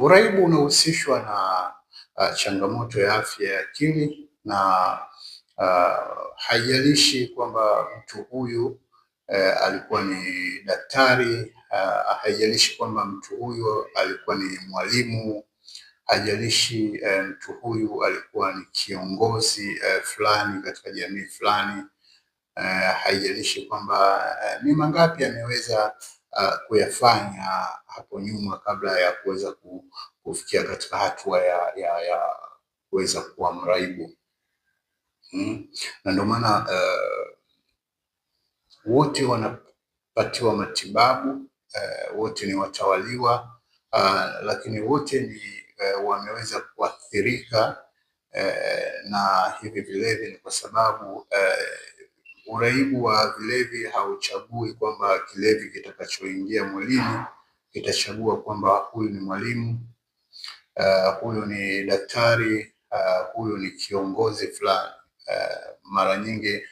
Uraibu unahusishwa na uh, changamoto ya afya ya akili na uh, haijalishi kwamba mtu huyu uh, alikuwa ni daktari uh, haijalishi kwamba mtu huyu alikuwa ni mwalimu haijalishi uh, mtu huyu alikuwa ni kiongozi uh, fulani katika jamii fulani uh, haijalishi kwamba uh, ni mangapi ameweza uh, kuyafanya hapo nyuma kabla ya kuweza kufikia katika hatua ya, ya, ya kuweza kuwa mraibu hmm. Na ndio maana uh, wote wanapatiwa matibabu uh, wote ni watawaliwa uh, lakini wote ni uh, wameweza kuathirika uh, na hivi vilevi ni kwa sababu uh, Uraibu wa vilevi hauchagui kwamba kilevi kitakachoingia mwilini kitachagua kwamba huyu ni mwalimu, uh, huyu ni daktari, uh, huyu ni kiongozi fulani. Uh, mara nyingi